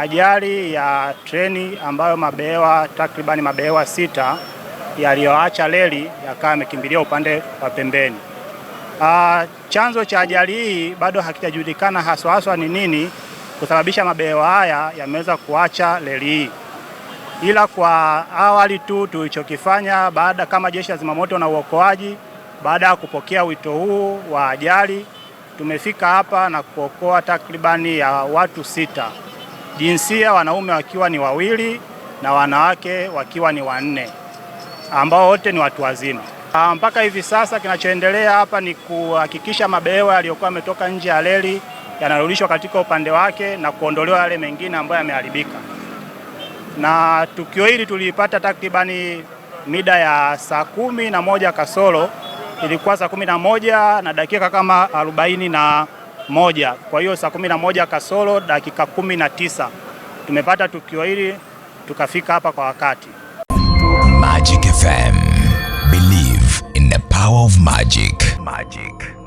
Ajali ya treni ambayo mabehewa takribani mabehewa sita yaliyoacha reli yakawa yamekimbilia upande wa pembeni. Uh, chanzo cha ajali hii bado hakijajulikana haswa haswa ni nini kusababisha mabehewa haya yameweza kuacha reli hii, ila kwa awali tu tulichokifanya baada kama Jeshi la Zimamoto na Uokoaji, baada ya kupokea wito huu wa ajali, tumefika hapa na kuokoa takribani ya watu sita jinsia wanaume wakiwa ni wawili na wanawake wakiwa ni wanne, ambao wote ni watu wazima. Ah, mpaka hivi sasa kinachoendelea hapa ni kuhakikisha mabehewa yaliyokuwa yametoka nje ya reli yanarudishwa katika upande wake na kuondolewa yale mengine ambayo yameharibika. Na tukio hili tulipata takribani mida ya saa kumi na moja kasoro, ilikuwa saa kumi na moja na dakika kama arobaini na moja. Kwa hiyo saa kumi na moja kasoro dakika kumi na tisa tumepata tukio hili tukafika hapa kwa wakati. Magic FM. Believe in the power of magic. Magic.